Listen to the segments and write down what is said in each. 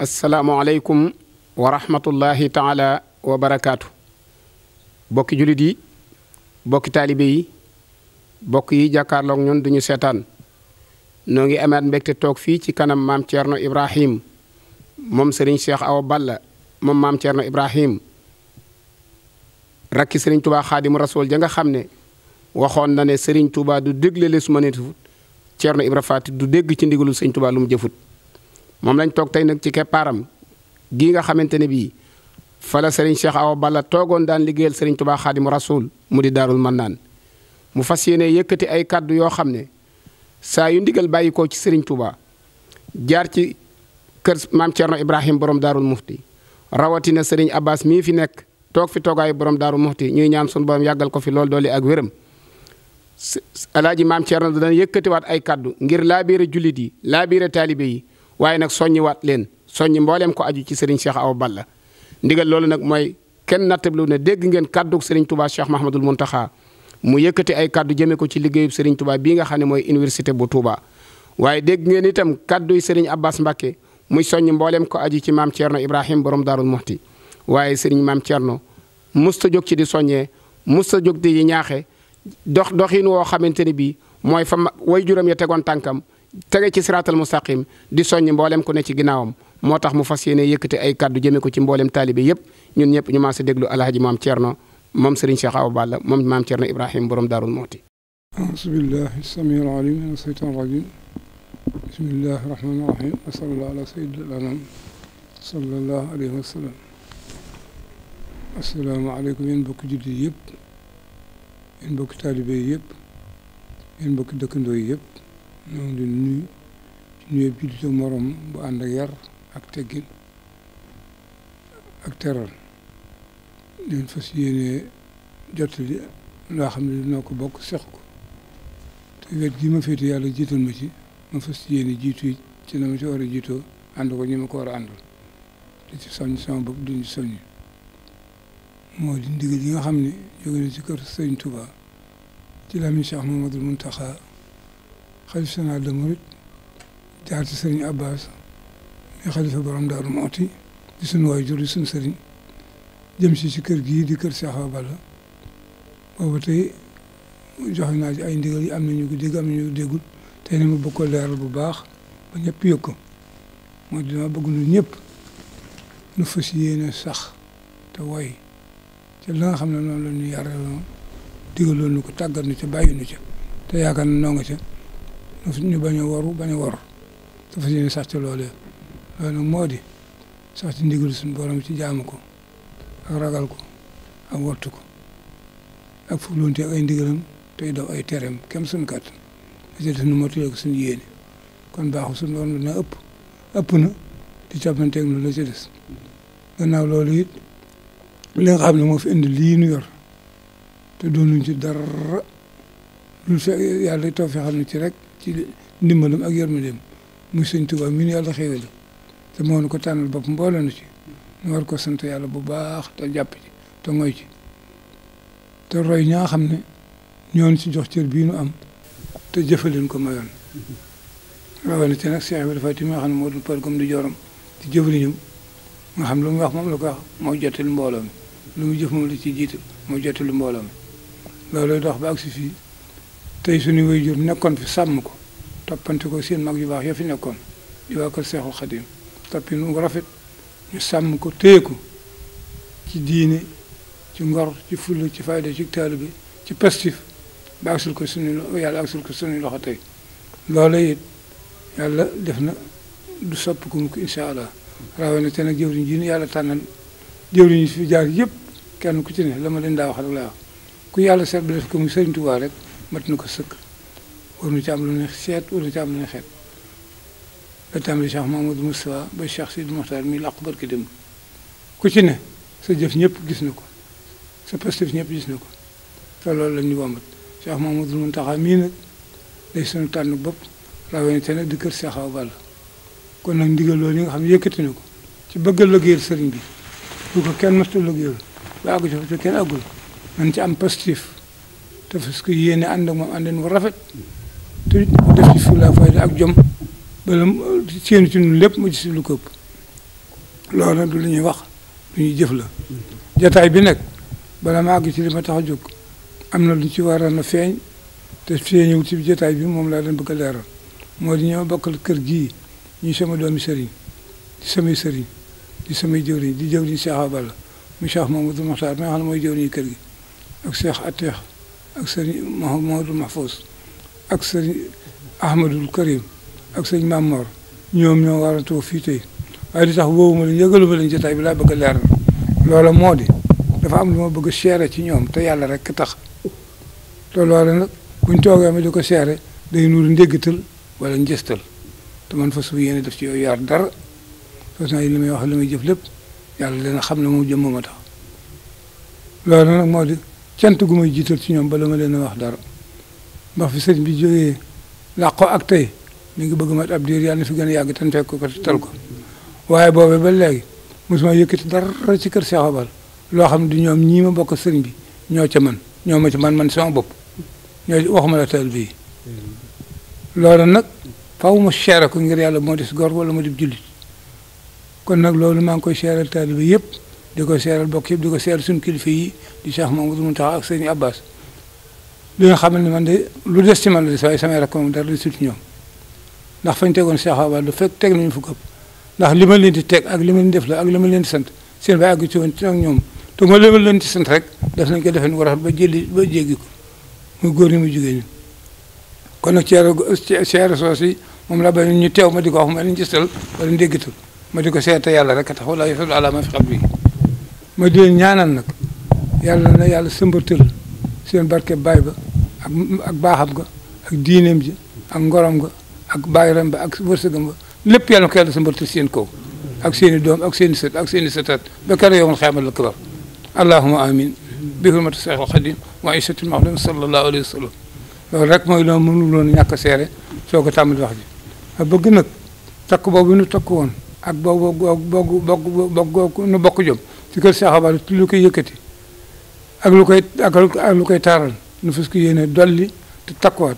asalaamualeykum wa rahmatullahi taala wa bokki jullit yi bokki taalibe yi bokk yi jàkkaarloog ñun duñu seetaan noo ngi amaat mbégte toog fii ci kanam maam Thierno Ibrahim moom sëriñ Cheikh Awa Balla moom maam Thierno Ibrahim rakki sëriñ Touba xaadimu rasool ja nga xam ne waxoon na ne sëriñ Touba du dégle lees ma nit Thierno Ibra Faati du dégg ci ndigalul sëriñ Touba lu mu jëfut moom lañ toog tey nag ci keppaaram gii nga xamante ne bii fala Serigne Cheikh Awa Balla toogoon daan liggéeyal Serigne Touba Xaadimu Rasuul mu di daarul mannaan mu fas yéene yëkkati ay kàddu yoo xam ne saa yu ndigal bàyyikoo ci Serigne Touba jaar ci kër maam Thierno Ibrahim borom daarul mufti rawatina Serigne Abbas mii fi nekk toog fi toogaayu borom daarul mufti ñuy ñaan sunu borom yàggal ko fi lool doole ak wéram. alaaji maam Thierno dana yëkkatiwaat ay kàddu ngir laabiire jullit yi laabiire taalibe yi. waaye nag soññiwaat leen soññi mbooleem ko aju ci sëriñ Cheikh Awa Balla ndigal loolu nag mooy kenn nattablu ne dégg ngeen kàddug sëriñ Touba Cheikh Mahamadul Muntaxa mu yëkkati ay kàddu jëmee ko ci liggéeyub sëriñ Touba bii nga xam ne mooy université bu Touba waaye dégg ngeen itam kàdduy sëriñ Abbas Mbacke muy soññ mbooleem ko aju ci maam Thierno Ibrahim borom Daarul Muxti waaye sëriñ maam Thierno musta jóg ci di soññee musta jóg di ñaaxe dox doxin woo xamante ne bii mooy fa way juram ya tegoon tànkam tege ci siraatal mustaqim di soññ mboolem ku ne ci ginnaawam moo tax mu fas yéene yëkkati ay kàddu jëme ko ci mboolem taalibe yëpp ñun ñëpp ñu maa sa déglu alhaji maam Thierno moom Serigne Cheikh Awa Balla moom maam Thierno Ibrahima borom daarul mooti. auzu billahi samiil alim mina shaytaan rajim bismillahi rahmaani rahim wa sallallahu ala sayyidil anam sallallahu alayhi wa sallam asalaamaaleykum yéen mbokki jullit yëpp yéen mbokki taalibe yëpp yéen mbokki dëkkandoo yëpp ñoo ngi leen jullit ak morom bu ànd ak yar ak teggin ak teral leen fas yéene jottali loo xam ne dinaa ko bokk seq ko te wet gi ma féete yàlla jiital ma ci ma fas yéene jiitu ci na ma ci war a jiitoo ànd ko ñi ma ko war a àndal di ci soññ sama bopp duñ soññ moo di ndigal yi nga xam ne jóge na ci kër Sëriñ Touba ci làmmiñ Cheikh Mamadou Mountakha xalif général de Mouride jaar ci sëriñ Abbas mi xalifa borom Daaru Muxti di suñu waajur di suñu sëriñ jëm si ci kër gii di kër si Awa Balla boobu tey joxe ay ndigal yi am na ñu ko dégg am na ñu ko déggul tey ne ma bëgg bu baax ba ñëpp yëg ko mooy nu sax te woy te la xam ne noonu la ñu yàraloon digaloon nu ko tàggat ca bàyyi nu ca te yaakaar na noo ca ñu bañ a waru bañ a war dafa yéene sax ci loolee loolu nag moo sax ci ndigal suñu borom ci jaamu ko ak ragal ko ak wattu ko ak fugloonte ay ndigalam tey daw ay tereem kem suñu kàttan ci def nu motalee ko suñu yéene kon baaxu suñu borom dina ëpp xam ne moo fi indi lii yor te doonuñ ci dara lu fekk nu ci rek ci ndimbalam ak yërmandeem muy sëñ Tuubaa mi nu yàlla xéewale te moo nu ko tànnal boppam mbooloo ci ñu war ko sant yàlla bu baax te jàpp ci te mooy ci te roy ñaa xam ne ñoon ci jox cër bii nu am te jëfaleen ko mayoon rawane te nag Cheikh bi dafa di jorom ci jëfaliñam lu mu wax moom lu ko wax moo jottali mbooloo lu mu jëf moom la ci jiit moo jottali mbooloo mi loolu dox ba agsi fii tey suñu waajur nekkoon fi sàmm ko toppante ko seen mag yu baax ya fi nekkoon di waa kër Seexul Xadiim toppi nu rafet ñu sàmm ko téye ci diine ci ngor ci fulla ci fayda ci taalibe bi ci pastif ba agsul ko suñu yàlla agsul ko suñu loxo tey loola it yàlla def na du sopp ko mukk incha allah rawatina te nag jëwriñ ji yàlla tànnal jëwriñ yi fi jaar yëpp kenn ku ci ne la ma leen daa wax rek laa wax ku yàlla seet bi def rek mat na ko sëkk waruñu ci am lu ne seet waruñu ci am lu ne xeet la tàmbali Cheikh Mamadou Moustapha ba Cheikh Sidi Mokhtar mi làqu barki dem ku ci ne sa jëf ñëpp gis na ko sa pastif ñëpp gis na ko te loolu la ñu wombat Cheikh Mamadou Mountakha mii nag day sunu tànn bopp rawatina nag di kër Cheikh Awa kon nag ndigal loolu yi nga xam ne yëkkati na ko ci bëgg a liggéeyal sëriñ bi bu ko kenn mësta liggéeyal ba àggu ci fa kenn àggul nañ ci am pastif te fas ko yéene ànd ak moom ànden bu rafet te def ci fulla fayda ak jom bala séenu ci ñun lépp mu gis lu ko ëpp loolu du lu ñuy wax lu ñuy jëf la jataay bi nag bala ma àgg ci li ma tax a jóg am na lu ñu ci waroon a feeñ te feeñewut ci jataay bi moom laa leen bëgg a leeral moo di ñoo bokkal kër gii ñu sama doomi sëriñ di samay sëriñ di samay jëwriñ di jëwriñ Cheikh Abala mu Cheikh Mamadou Mokhtar mi nga xam na mooy jëwriñu kër gi ak Cheikh Ateex ak sëriñ ma Mahfouz ak sëriñ Ahmadul Karim ak sëriñ Mamor ñoom ñoo war a toog fii tey waaye li tax woowuma leen leen jotaay bi laa bëgg a leeral loola moo di dafa am lu ma bëgg a ci ñoom te yàlla rek tax te loola nag buñ toogee ma di ko seere day nuuru ndéggatal wala njëstal te man fa suuf yéene def ci yooyu yaar dara fas naa li may wax li may jëf lépp yàlla dana xam ne mu jëmm ma tax loolu nag cant gu may jiital ci ñoom bala ma leen a wax dara ndax fi sëñ bi jógee làqoo ak tey mi ngi bëgg ma ab diir yàlla na fi gën a yàgg tan fekk ko te tal ko waaye boobe ba léegi mosuma yëkkati dara ci kër Cheikh Obal loo xam ne ñoom ñii ma bokk sëñ bi ñoo ca man ñoo ma ca man man sama bopp ñoo waxuma la teel bii loolu nag faw ma seere ko ngir yàlla moo des gor wala ma def jullit kon nag loolu maa ngi koy seeral taalibe yëpp di ko seeral bokk yëpp di ko seeral suñu kilifa yi di Cheikh Mamadou Mountakha ak sëñ Abbas li nga xam ne man de lu des ci man la des waaye samay rakk moom dara di sut ñoom ndax fañ tegoon Cheikh Abbas lu teg nañu fu këpp ndax li ma leen di teg ak li ma def la ak li ma leen sant seen ci woon ci ak ñoom te ma li ma leen di sant rek def nañ ko defe nu ba jëli ba jéggi ko muy góor ñi muy jigéen ñi kon nag ceer ceer soos yi moom laa bañ ñu teew ma di ko wax ma leen ma di ko seet yàlla rek tax wala yasal ala ma fi xam bi ma di ñaanal nag yàlla na yàlla sëmbatal seen barke baay ba ak ak baaxam ga ak diineem ji ak ngorom ga ak bàyyiram ba ak wërsëgam ba lépp yàlla na ko yàlla sëmbatal seen kaw ak seen i doom ak seen i sët ak seen i sëtaat ba keroog yowmal xiyaamal akbar allahuma amin bi hurmati seexul xadim wa isatul sallallahu alayhi wa sallam rek mooy loolu mënul woon ñàkk a seere soo ko tàmbali wax ji a bëgg nag takk boobu nu takk woon ak boobu boobu boobu boobu nu bokk jom ci kër Cheikh Abdou lu koy yëkkati ak lu koy ak lu koy taaral nu fas ko yéene dolli te takkuwaat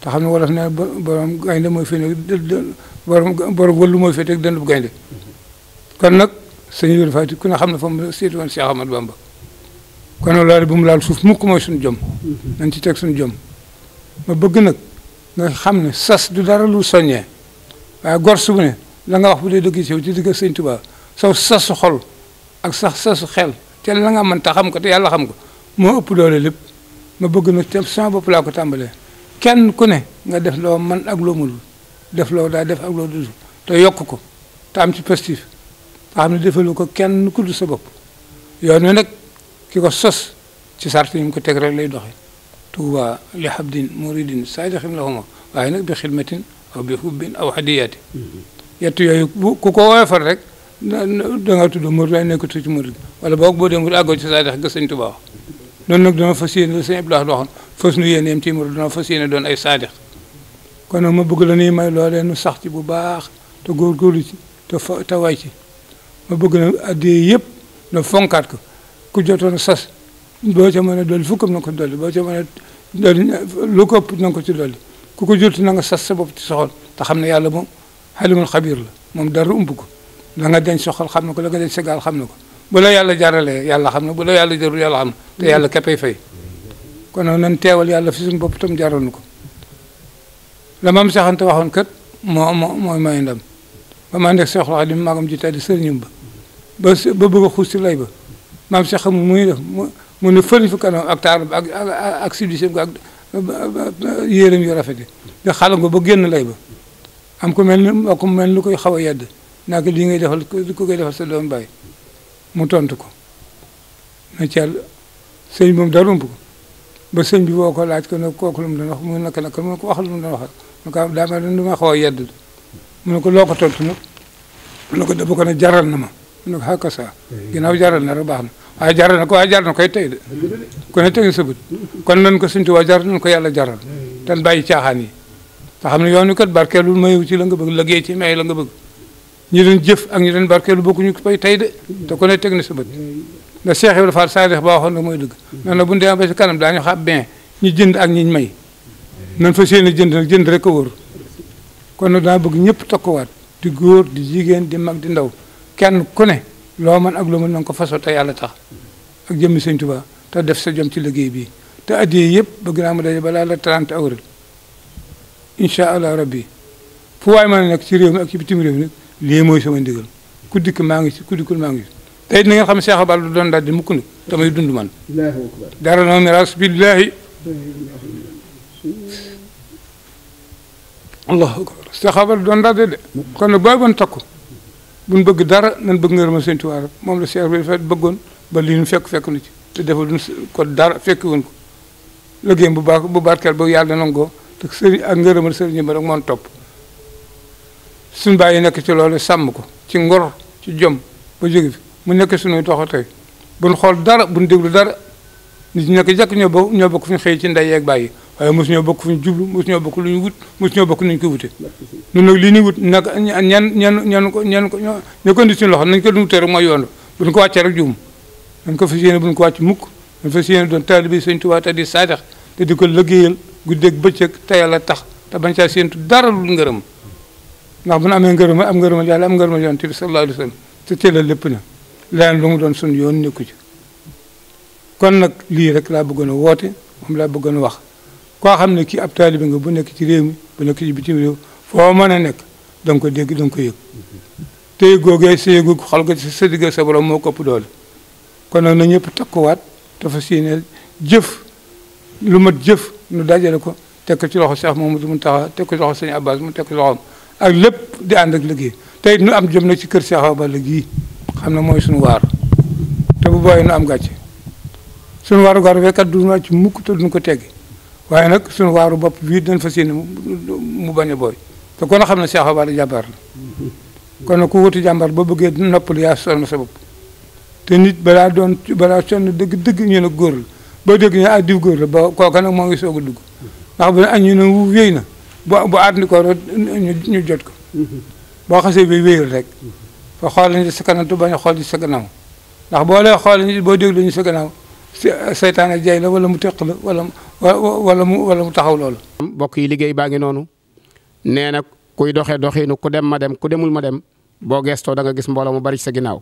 ta xam ne wolof ne borom gaynde mooy fii borom borom wëllu mooy fii teg dënd gaynde kon nag sëñ Yoro Faty ku na xam na foom mu seeti woon Cheikh Ahmadou Bamba kon loolu bu mu laal suuf mukk mooy suñu jom nañ ci teg suñu jom ma bëgg nag nga xam ne sas du dara lu soññee waaye gor su bu ne la nga wax bu dee dëgg ci yow ci digg sëñ Tuubaa saw sasu xol ak sax sasu xel te na nga man ta xam ko te yàlla xam ko moo ëpp doole lépp ma bëgg nag te sama bopp ko tàmbalee kenn ku ne nga def loo man ak loo mënul def loo daa def ak loo dul te yokk ko te am ci positif nga xam ne defalu ko kenn ku dul sa bopp yoon wi nag ki ko sos ci sart yi ko teg rek lay doxe tuuba li habdin muridin saadixin lahuma waaye nag bi xidmatin aw bi hubbin aw hadiyati mm-hmm. yettu yooyu ku ko woyofal rek da nga tudd murid waaye nekkatu ci murid wala boog boo demul àggoo ci saa dex ga sëñ Tuubaa noonu nag dana fas yéene la sëñ Abdoulaye waxoon fas nu yéene yem ci murid dana fas yéene doon ay saadix kon nag ma bëgg la nuy may loolee nu sax ci bu baax te góorgóorlu ci te fa te way ci ma bëgg na addee yëpp na fonkaat ko ku jotoon sas boo ca mën a dolli fukkam na ko dolli boo ca mën a dolli lu ko ëpp na nga ko ci dolli ku ko jurti na nga sas sa bopp ci soxol te xam ne yàlla moom xalimul xabiir la moom dara ump ko la nga denc soxal xam na ko la nga denc sa gaal xam na ko bu la yàlla jaralee yàlla xam na bu la yàlla jarul yàlla xam na te mm-hmm. yàlla képpay fay kon nag nan teewal yàlla fi suñu bopp itam jaral na ko la maam saxante waxoon kat moo moo mooy may ndam ba maa nekk soxla di magam ji teddi sëriñam ba ba ba bëgg a si lay ba maam sax xamul muy def mu ne fëriñ fi kanam ak taar ak ak sibisim ko ak yéeram yu rafet yi nga ko ba génn lay ba am ko mel ni ko mel ni koy xaw a yedd naa ko lii ngay defal ku koy defal sa doom bàyyi mu tontu ko na ci yàlla sëñ moom dara ump ba sëñ bi boo ko laaj ko ne kooku lu mu wax mu naka naka mu ko wax lu mu doon wax mu ko ah, daa mel ni ma xaw a yedd mu ne ko loo ko tontu nag mu ne ko dama ko na ma mu ne ko xàkka ah, saa ginnaaw jaral na rek baax na waaye jaral na ko waaye jaral na koy tey de ku ne tegi sa bët ko Sëñ Tuubaa jaral ko yàlla jaral tan bàyyi caaxaan yi te xam ne yoon wi kat barkeelul mayu ci la nga bëgg liggéey ci may la nga bëgg ñu doon jëf ak ñu doon barkeelu bokkuñu ko fay tey de te ku ne teg na sa bët ndax Cheikh Ibrahima Fall saa ba waxoon na mooy dëgg noonu la bu ñu demee ba si kanam daañu xam bien ñu jënd ak ñu may nan fa seen jënd nag jënd rek ka wóor kon nag daa bëgg ñëpp tokkuwaat di góor di jigéen di mag di ndaw kenn ku ne loo mën ak loo mën na ko fasoo te yàlla tax ak jëmmi sëñ Tuubaa te def sa jom ci liggéey bi te addiyee yëpp bëgg naa mu daje balaa la 30 avril incha allah rabbi fu waay mën a nekk ci réew mi ak ci lii mooy sama ndigal ku dikk maa ngi si ku dikkul maa ngi si tey na ngeen xam ne Cheikh Abal du doon daal di mukk nag damay dund man dara na miraas billaahi allahu akbar Cheikh Abal doon daal de kon nag booy bon takku buñ bëgg dara nan bëgg ngërëma Sëñ Tuubaa rek moom la Cheikh bi fa bëggoon ba li ñu fekk fekk na ci te defal duñ ko dara fekk woon ko liggéeyam bu baax bu barkeel ba yàlla nangoo te sëriñ ak ngërëmal sëriñ ba rek moon topp suñ bàyyi nekk ci loolu sàmm ko ci ngor ci jom ba jóge mu nekk suñuy toxo tey buñ xool dara buñ déglu dara nit ñi nekk jàkk ñoo bokk ñoo bokk fu ñu xëy ci ndey yeeg bàyyi waaye mosu ñoo bokk fu ñu jublu mosu ñoo bokk lu ñu wut mosu ñoo bokk nu ñu ko wute ñun nag li ñuy wut nag ñan ñan ñan ko ñan ko ñoo ko indi suñu loxo nañ ko dum tee rek mooy yoon buñ ko wàccee rek juum dañ ko fas yéene buñ ko wàcc mukk dañ fas yéene doon taalibe Sëñ Tuubaa te di saadax te di ko liggéeyal guddeeg bëccëg te yàlla tax te bañ caa séentu dara lu ngërëm ndax bu nu amee ngërëmal am ngërëmal yàlla am ngërëmal yonent bi sallallahu alayhi wa sallam te teelal lépp na leneen lu mu doon suñu yoon nekku ci kon nag lii rek laa bëggoon a woote moom laa bëggoon a wax koo xam ne kii ab taalibe nga bu nekk ci réew mi bu nekk ci bitim réew foo mën a nekk da nga ko dégg da nga ko yëg te yëgoogee sa yëgu xol ga sa digg sa borom moo kopp doole kon nag na ñëpp takkuwaat dafa siineel jëf lu mat jëf nu dajale ko teg ko ci loxo Cheikh Mamadou Mountakha teg ko ci loxo sëñ Abbas mu teg ko ci loxoom ak lépp di ànd ak liggéey te it nu am jëm nag ci kër Cheikh ba Balla gii xam na mooy suñu waar te bu booyee nu am gàcce suñu waaru gàr wekkat du ma ci mukk te duñ ko teggi waaye nag suñu waaru bopp bii dañ fa yéene mu bañ a booy te kon xam ne Cheikh Awa Balla jàmbaar la kon nag ku wuti jàmbaar ba bëggee noppal yaa sonn sa bopp te nit bala doon balaa sonn dëgg dëgg ñu ne góor la ba dégg ñu ah diw góor la ba kooka nag moo ngi soog a dugg ndax bu ne añ ñu ne wu na bu bu aat ni ko ñu jot ko boo xasee bi wéyul rek fa xool nit sa kanam xool nit sa gannaaw ndax boo lay xool nit boo déglu ñu sa gannaaw seytaan ak jay la wala mu teq la wala wala mu wala mu taxaw loolu mbokk yi liggéey baa ngi noonu nee na kuy doxee doxiinu ku dem ma dem ku demul ma dem boo geestoo danga gis mbooloo mu bari sa ginnaaw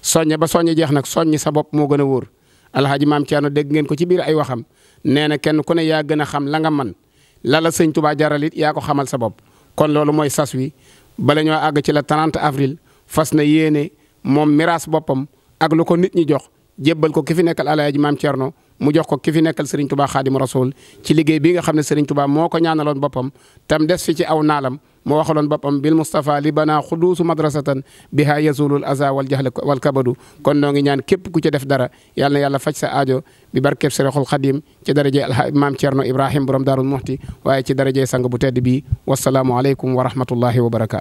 soññe ba soññe jeex nag soññ sa bopp moo gën a wóor alxaaji maam Thierno dégg ngeen ko ci biir ay waxam nee na kenn ku ne yaa gën a xam la nga man la la sëñ Touba jaral yaa ko xamal sa bopp kon loolu mooy sas wi bala ñoo àgg ci la 30 avril fas na yéene moom miraas boppam ak lu ko nit ñi jox jébbal ko ki fi nekkal alaaji maam no mu jox ko ki fi nekkal Serigne Touba Khadim Rasoul ci liggéey bi nga xam ne Serigne Touba moo ko ñaanaloon boppam tam des fi ci aw naalam moo waxaloon boppam bil Moustapha li banaa xuduusu madrasatan biha yazulul aza wal jahl wal kabadu kon noo ngi ñaan képp ku ci def dara yàlla na faj sa aajo bi barkeb Seexul Xadim ci daraje maam Thierno Ibrahim borom Daarul Muxti waaye ci daraje sang bu tedd bi wasalaamu aleykum wa rahmatullahi wa barakaatu